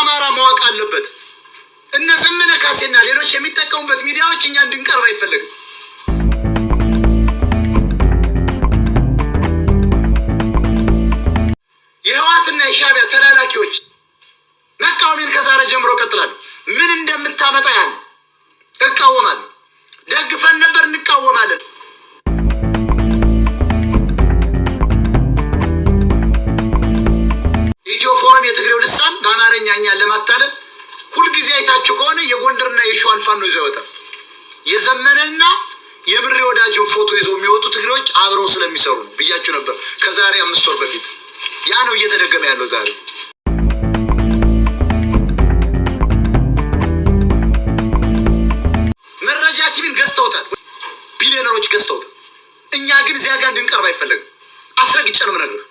አማራ ማወቅ አለበት። እነ ዘመነ ካሴና ሌሎች የሚጠቀሙበት ሚዲያዎች እኛ እንድንቀርብ አይፈለግም። የህዋትና የሻቢያ ተላላኪዎች መቃወሚን ከዛሬ ጀምሮ ቀጥላል። ምን እንደምታመጣ ያለ በአማርኛ ለማታለም ለማታለል ሁልጊዜ አይታችሁ ከሆነ የጎንደርና የሸዋን ፋኖ ይዘው ይወጣል። የዘመነና የምሬ ወዳጅን ፎቶ ይዘው የሚወጡ ትግሬዎች አብረው ስለሚሰሩ ብያችሁ ነበር ከዛሬ አምስት ወር በፊት። ያ ነው እየተደገመ ያለው ዛሬ። መረጃ ቲቪን ገዝተውታል፣ ቢሊዮነሮች ገዝተውታል። እኛ ግን እዚያ ጋር እንድንቀርብ አይፈለግም። አስረግጬ ነው የምነግርህ።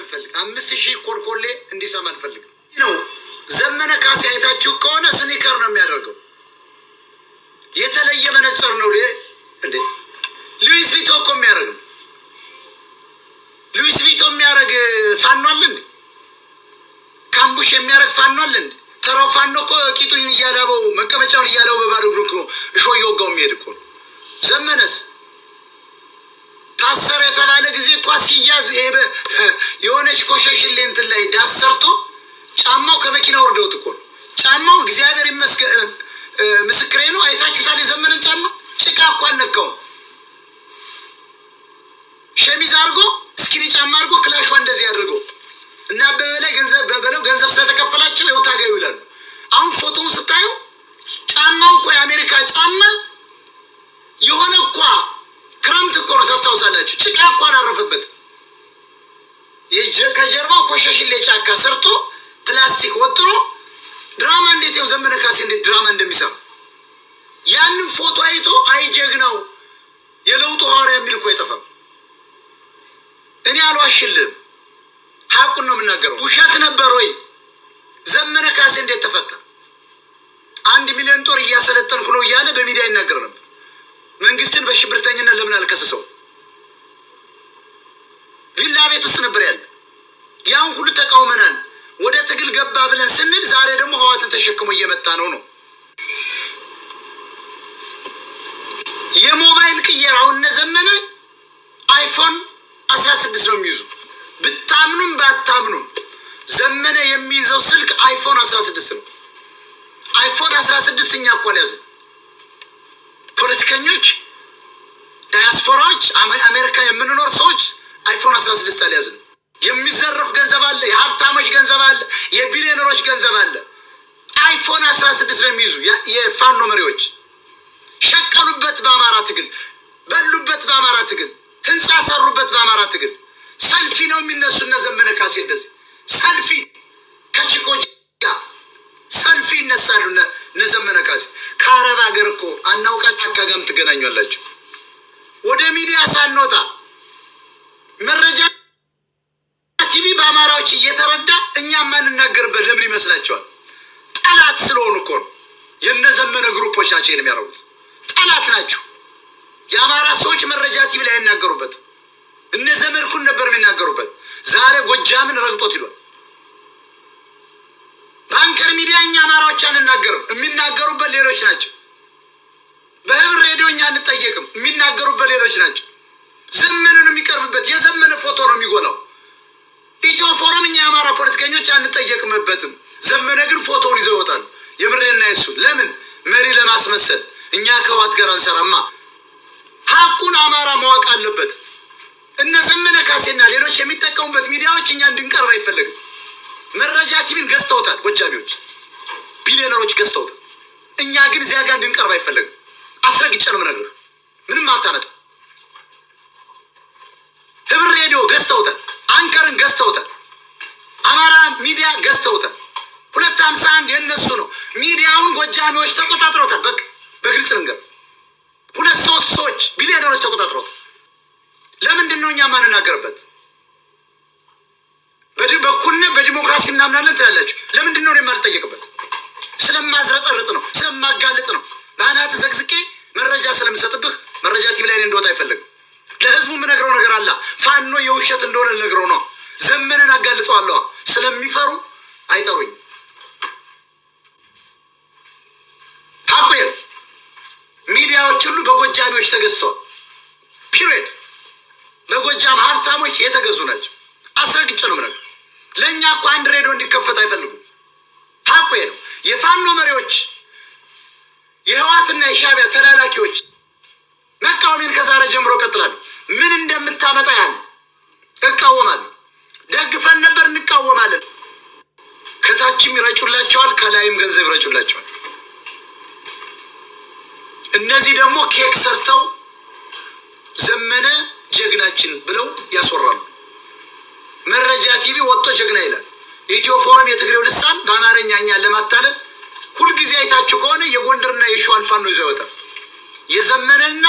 አንፈልግ። አምስት ሺህ ኮልኮሌ እንዲሰማ አንፈልግም ነው። ዘመነ ካሴ አይታችሁ ከሆነ ስኒከር ነው የሚያደርገው። የተለየ መነጽር ነው እንዴ ሉዊስ ቪቶ እኮ የሚያደርግ ነው። ሉዊስ ቪቶ የሚያደርግ ፋኖ አለ እንዴ? ካምቡሽ የሚያደርግ ፋኖ አለ እንዴ? ተራው ፋኖ እኮ ቂጡኝ እያዳበው መቀመጫውን የሆነች ቆሸሽሌ እንትን ላይ ዳስ ሰርቶ ጫማው ከመኪና ወርደውት እኮ ጫማው እግዚአብሔር ይመስገን ምስክሬ ነው። አይታችሁታል? የዘመንን ጫማ ጭቃ እኮ አልነካውም። ሸሚዝ አድርጎ እስኪኒ ጫማ አድርጎ ክላሿ እንደዚህ ያደርገው እና በበላይ ገንዘብ በበለው ገንዘብ ስለተከፈላቸው የወታገዩ ይላሉ። አሁን ፎቶውን ስታዩ ጫማው እኮ የአሜሪካ ጫማ ከጀርባው ኮሸሽሌ ጫካ ሰርቶ ፕላስቲክ ወጥሮ ድራማ እንዴት ው ዘመነ ካሴ እንዴት ድራማ እንደሚሰራ ያንን ፎቶ አይቶ አይጀግናው የለውጡ ሐዋርያ የሚል እኮ አይጠፋም። እኔ አልዋሽልም፣ ሀቁን ነው የምናገረው። ውሸት ነበር ወይ? ዘመነ ካሴ እንዴት ተፈታ? አንድ ሚሊዮን ጦር እያሰለጠንኩ ነው እያለ በሚዲያ ይናገር ነበር። መንግስትን በሽብርተኝነት ለምን አልከሰሰው? ጭቃ ቤት ውስጥ ነበር ያለ። ያን ሁሉ ተቃውመናል። ወደ ትግል ገባ ብለን ስንል ዛሬ ደግሞ ህዋትን ተሸክሞ እየመጣ ነው ነው የሞባይል ቅየራው እነ ዘመነ አይፎን አስራ ስድስት ነው የሚይዙ ብታምኑም ባታምኑም ዘመነ የሚይዘው ስልክ አይፎን አስራ ስድስት ነው። አይፎን አስራ ስድስት እኛ እኮ ያዘ ፖለቲከኞች፣ ዳያስፖራዎች፣ አሜሪካ የምንኖር ሰዎች አይፎን አስራ ስድስት ነው። የሚዘረፍ ገንዘብ አለ፣ የሀብታሞች ገንዘብ አለ፣ የቢሊዮነሮች ገንዘብ አለ። አይፎን አስራ ስድስት ነው የሚይዙ የፋኖ መሪዎች። ሸቀሉበት በአማራ ትግል፣ በሉበት በአማራ ትግል፣ ህንፃ ሰሩበት በአማራ ትግል። ሰልፊ ነው የሚነሱ እነ ዘመነ ካሴ እንደዚህ ሰልፊ ከችኮች ሰልፊ ይነሳሉ እነ ዘመነ ካሴ። ከአረብ ሀገር እኮ አናውቃችሁ ከጋም ትገናኛላችሁ። ይመስላቸዋል። ጠላት ስለሆኑ እኮ ነው የነዘመነ ግሩፖች ናቸው ይህን የሚያደርጉት። ጠላት ናቸው። የአማራ ሰዎች መረጃ ቲቪ ላይ አይናገሩበት። እነ ዘመድኩን ነበር የሚናገሩበት። ዛሬ ጎጃምን ረግጦት ይሏል። በአንከር ሚዲያ እኛ አማራዎች አንናገርም። የሚናገሩበት ሌሎች ናቸው። በህብር ሬዲዮ እኛ አንጠየቅም። የሚናገሩበት ሌሎች ናቸው። ዘመንን የሚቀርብበት የዘመነ ፎቶ ነው የሚጎላው። ኢትዮ ፎረም እኛ የአማራ ፖለቲከኞች አንጠየቅምበትም። ዘመነ ግን ፎቶውን ይዘው ይወጣሉ። የምሬና የሱ ለምን መሪ ለማስመሰል እኛ ከዋት ጋር አንሰራማ። ሀቁን አማራ ማወቅ አለበት። እነ ዘመነ ካሴና ሌሎች የሚጠቀሙበት ሚዲያዎች እኛ እንድንቀርብ አይፈለግም። መረጃ ቲቪን ገዝተውታል፣ ጎጃሚዎች ቢሊዮነሮች ገዝተውታል። እኛ ግን እዚያ ጋር እንድንቀርብ አይፈለግም። አስረግጬ ነው የምነግርህ። ምንም አታመጣ። ህብር ሬዲዮ ገዝተውታል፣ አንከርን ገዝተውታል፣ አማራ ሚዲያ ገዝተውታል። ሁለት ሀምሳ አንድ የነሱ ነው። ሚዲያውን ጎጃሚዎች ተቆጣጥረውታል። በቃ በግልጽ ልንገር፣ ሁለት ሶስት ሰዎች ቢሊዮነሮች ተቆጣጥረውታል። ለምንድን ነው እኛ ማንናገርበት? በእኩልነት በዲሞክራሲ እናምናለን ትላላችሁ። ለምንድን ነው የማልጠየቅበት? ስለማዝረጠርጥ ነው፣ ስለማጋልጥ ነው። በአናት ዘግዝቄ መረጃ ስለምሰጥብህ መረጃ ቲቪ ላይ እንደወጣ አይፈልግም። ለህዝቡ የምነግረው ነገር አለ። ፋኖ የውሸት እንደሆነ ልነግረው ነው። ዘመንን አጋልጠዋለዋ። ስለሚፈሩ አይጠሩኝ። ነጋዴዎች ተገዝተዋል። ፒሪድ በጎጃም ሀብታሞች የተገዙ ናቸው። አስረግጬ ነው የምነግርህ። ለእኛ እኮ አንድ ሬዲዮ እንዲከፈት አይፈልጉም። ታቆ ነው። የፋኖ መሪዎች የህዋትና የሻቢያ ተላላኪዎች መቃወሜን ከዛሬ ጀምሮ እቀጥላለሁ። ምን እንደምታመጣ ያህል እቃወማለሁ። ደግፈን ነበር፣ እንቃወማለን። ከታችም ይረጩላቸዋል፣ ከላይም ገንዘብ ይረጩላቸዋል። እነዚህ ደግሞ ኬክ ሰርተው ዘመነ ጀግናችን ብለው ያስወራሉ። መረጃ ቲቪ ወጥቶ ጀግና ይላል። የኢትዮ ፎረም የትግሬው ልሳን በአማርኛ እኛን ለማታለል ሁልጊዜ አይታችሁ ከሆነ የጎንደርና የሸዋን ፋኖ ይዘው ይወጣል። የዘመነና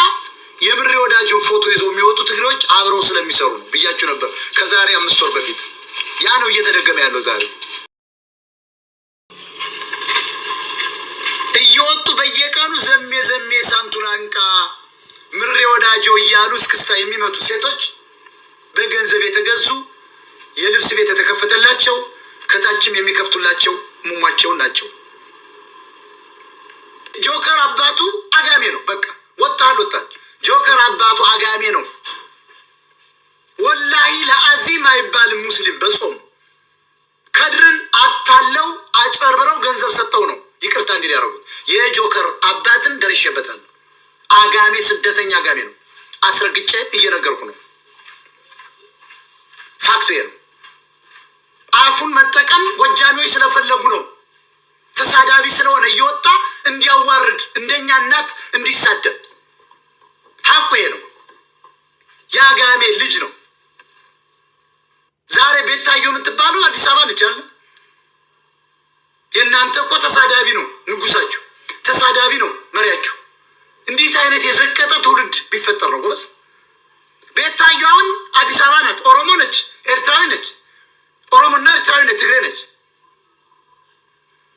የምሬ ወዳጆን ፎቶ ይዘው የሚወጡ ትግሬዎች አብረው ስለሚሰሩ ነው ብያችሁ ነበር ከዛሬ አምስት ወር በፊት። ያ ነው እየተደገመ ያለው ዛሬ። እየወጡ በየቀኑ ዘሜ ዘሜ ሳንቱላንቃ ምሬ ወዳጀው እያሉ እስክስታ የሚመቱ ሴቶች በገንዘብ የተገዙ የልብስ ቤት የተከፈተላቸው ከታችም የሚከፍቱላቸው ሙሟቸውን ናቸው። ጆከር አባቱ አጋሜ ነው። ተሸበተ አጋሜ ስደተኛ አጋሜ ነው። አስረግጬ እየነገርኩ ነው። ፋክቱ ነው። አፉን መጠቀም ጎጃሚዎች ስለፈለጉ ነው። ተሳዳቢ ስለሆነ እየወጣ እንዲያዋርድ እንደኛ እናት እንዲሳደብ ሀቁ ነው። የአጋሜ ልጅ ነው። ቢፈጠር ነው ጎበዝ። ቤታዮ አዲስ አበባ ናት፣ ኦሮሞ ነች፣ ኤርትራዊ ነች። ኦሮሞና ኤርትራዊ ነች፣ ትግሬ ነች።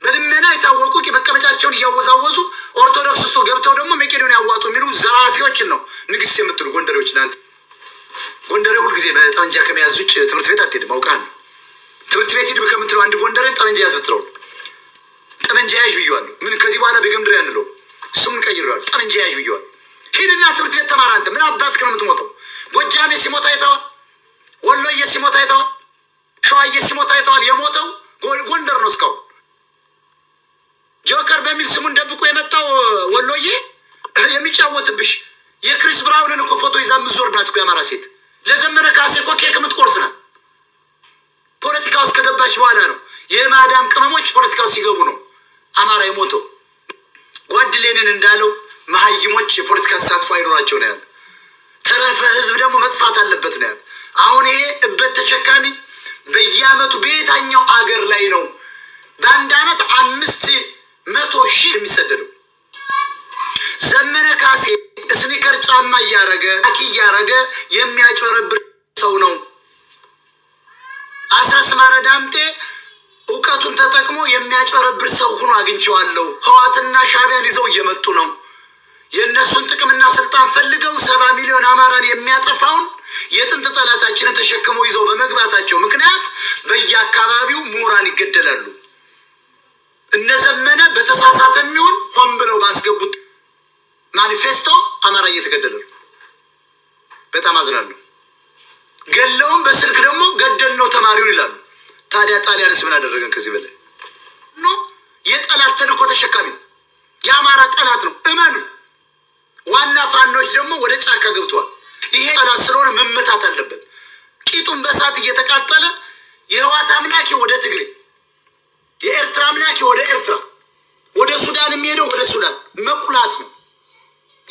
በልመና የታወቁ መቀመጫቸውን እያወዛወዙ ኦርቶዶክስ ውስጥ ገብተው ደግሞ መቄዶንያ ያዋጡ የሚሉ ዘራፊዎችን ነው ንግስት የምትሉ ጎንደሬዎች። እናንተ ጎንደሬ ሁልጊዜ በጠመንጃ ከመያዝ ውጭ ትምህርት ቤት አትሄድም። ነው ትምህርት ቤት ሂድ ከምትለው አንድ ጎንደሬን ጠመንጃ ያዝ ብትለው ጠመንጃ ያዥ ብየዋለሁ። ምን ከዚህ በኋላ በገምድር ያንለው ስሙን ቀይረዋል። ጠመንጃ ያዥ ብየዋለሁ። ሂድና ትምህርት ቤት ተማር። አንተ ምን አባት ነው የምትሞተው? ጎጃሜ ሲሞት አይተዋል። ወሎዬ ሲሞት አይተዋል። ሸዋዬ ሲሞት አይተዋል። የሞተው ጎንደር ነው። እስካሁን ጆከር በሚል ስሙን ደብቆ የመጣው ወሎዬ የሚጫወትብሽ የክሪስ ብራውንን እኮ ፎቶ ይዛ ምዞር ናት እኮ የአማራ ሴት ለዘመነ ካሴ እኮ ኬክ የምትቆርስ ናት። ፖለቲካ ውስጥ ከገባች በኋላ ነው የማዳም ቅመሞች ፖለቲካ ውስጥ ሲገቡ ነው አማራ የሞተው ጓድሌንን እንዳለው መሀይሞች የፖለቲካ ተሳትፎ አይኖራቸው ነው ያለ። ተረፈ ህዝብ ደግሞ መጥፋት አለበት ነው ያለ። አሁን ይሄ እበት ተሸካሚ በየአመቱ በየታኛው አገር ላይ ነው በአንድ አመት አምስት መቶ ሺህ የሚሰደደው? ዘመነ ካሴ ስኒከር ጫማ እያረገ አኪ እያረገ የሚያጨረብር ሰው ነው። አስረስ ማረዳምጤ ዳምጤ እውቀቱን ተጠቅሞ የሚያጨረብር ሰው ሆኖ አግኝቼዋለሁ። ህዋትና ሻቢያን ይዘው እየመጡ ነው። የእነሱን ጥቅምና ስልጣን ፈልገው ሰባ ሚሊዮን አማራን የሚያጠፋውን የጥንት ጠላታችንን ተሸክመው ይዘው በመግባታቸው ምክንያት በየአካባቢው ምሁራን ይገደላሉ። እነዘመነ በተሳሳተ የሚሆን ሆን ብለው ባስገቡት ማኒፌስቶ አማራ እየተገደለ ነው። በጣም አዝናለሁ። ገለውን በስልክ ደግሞ ገደል ነው ተማሪውን ይላሉ። ታዲያ ጣሊያንስ ምን አደረገን? ከዚህ በላይ የጠላት ተልእኮ ተሸካሚ ነው። ይሄ ጠላት ስለሆነ መመታት አለበት። ቂጡን በእሳት እየተቃጠለ የህዋት አምላኪ ወደ ትግሬ፣ የኤርትራ አምላኪ ወደ ኤርትራ፣ ወደ ሱዳን የሚሄደው ወደ ሱዳን መቁላት ነው።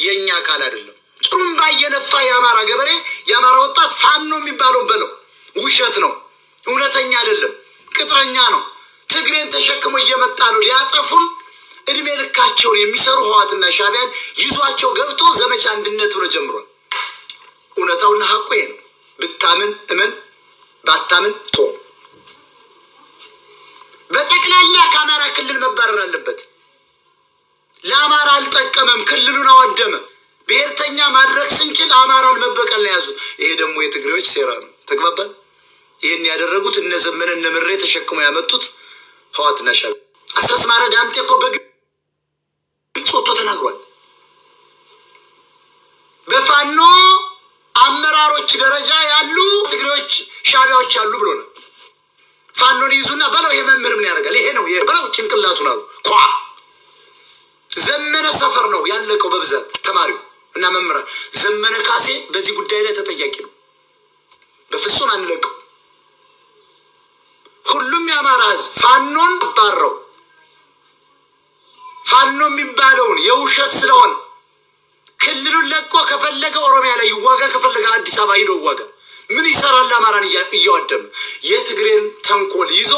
የእኛ አካል አይደለም። ጥሩምባ እየነፋ የአማራ ገበሬ የአማራ ወጣት ፋኖ የሚባለው በለው ውሸት ነው። እውነተኛ አይደለም፣ ቅጥረኛ ነው። ትግሬን ተሸክሞ እየመጣ ነው ሊያጠፉን እድሜ ልካቸውን የሚሰሩ ህዋትና ሻቢያን ይዟቸው ገብቶ ዘመቻ አንድነት ብሎ ጀምሯል። እውነታውና ሀቁ ይሄ ነው። ብታምን እመን፣ ባታምን ቶ በጠቅላላ ከአማራ ክልል መባረር አለበት። ለአማራ አልጠቀመም፣ ክልሉን አወደመ። ብሔርተኛ ማድረግ ስንችል አማራውን መበቀል ነው የያዙት። ይሄ ደግሞ የትግሬዎች ሴራ ነው። ተግባባል። ይህን ያደረጉት እነ ዘመነ እነ ምሬ ተሸክሞ ያመጡት ህዋትና ሻዕቢያ። አስረስ ማረ ዳምጤ እኮ በግልጽ ወጥቶ ተናግሯል። በፋኖ አመራሮች ደረጃ ያሉ ትግሬዎች፣ ሻቢያዎች አሉ ብሎ ነው። ፋኖን ይዙና በለው ይሄ ምን ያደርጋል? ይሄ ነው በለው ጭንቅላቱን አሉ። ኳ ዘመነ ሰፈር ነው ያለቀው በብዛት ተማሪው እና መምህራ ዘመነ ካሴ በዚህ ጉዳይ ላይ ተጠያቂ ነው። በፍጹም አንለቀው። ሁሉም የአማራ ህዝብ ፋኖን ባረው ፋኖ የሚባለውን የውሸት ስለሆነ ለቆ ከፈለገ ኦሮሚያ ላይ ይዋጋ፣ ከፈለገ አዲስ አበባ ሂዶ ይዋጋ። ምን ይሰራል? አማራን እያወደመ የትግሬን ተንኮል ይዞ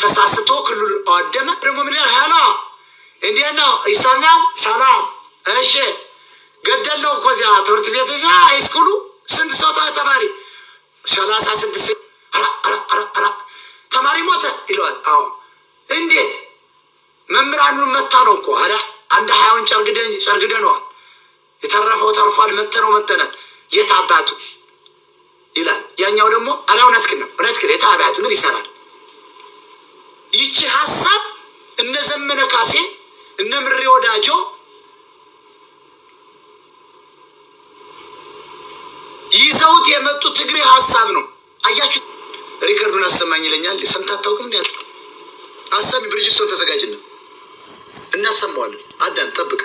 ተሳስቶ ክልሉን አደመ። ደግሞ ምን ይላል? ሄሎ እንዲህ ነው ይሰማል? ሰላም እሺ። ገደል ነው እኮ እዚያ ትምህርት ቤት እዛ ሃይስኩሉ ስንት ሰው ተማሪ ሰላሳ ስድስት ተማሪ ሞተ ይለዋል። አዎ እንዴት መምህራኑን መታ ነው እኮ አንድ ሀያውን ጨርግደ ጨርግደነዋል የተረፈው ተርፏል፣ መተነው መተናል። የት አባቱ ይላል። ያኛው ደግሞ አላ እውነትክን ነው እውነትክን የት አባቱ ምን ይሰራል? ይቺ ሀሳብ እነ ዘመነ ካሴ እነ ምሬ ወዳጆ ይዘውት የመጡ ትግሬ ሀሳብ ነው። አያችሁ ሪከርዱን አሰማኝ ይለኛል። ሰምተህ አታውቅም? ያለ ሀሳብ ብርጅስቶን ተዘጋጅና እናሰማዋለን። አዳም ጠብቅ።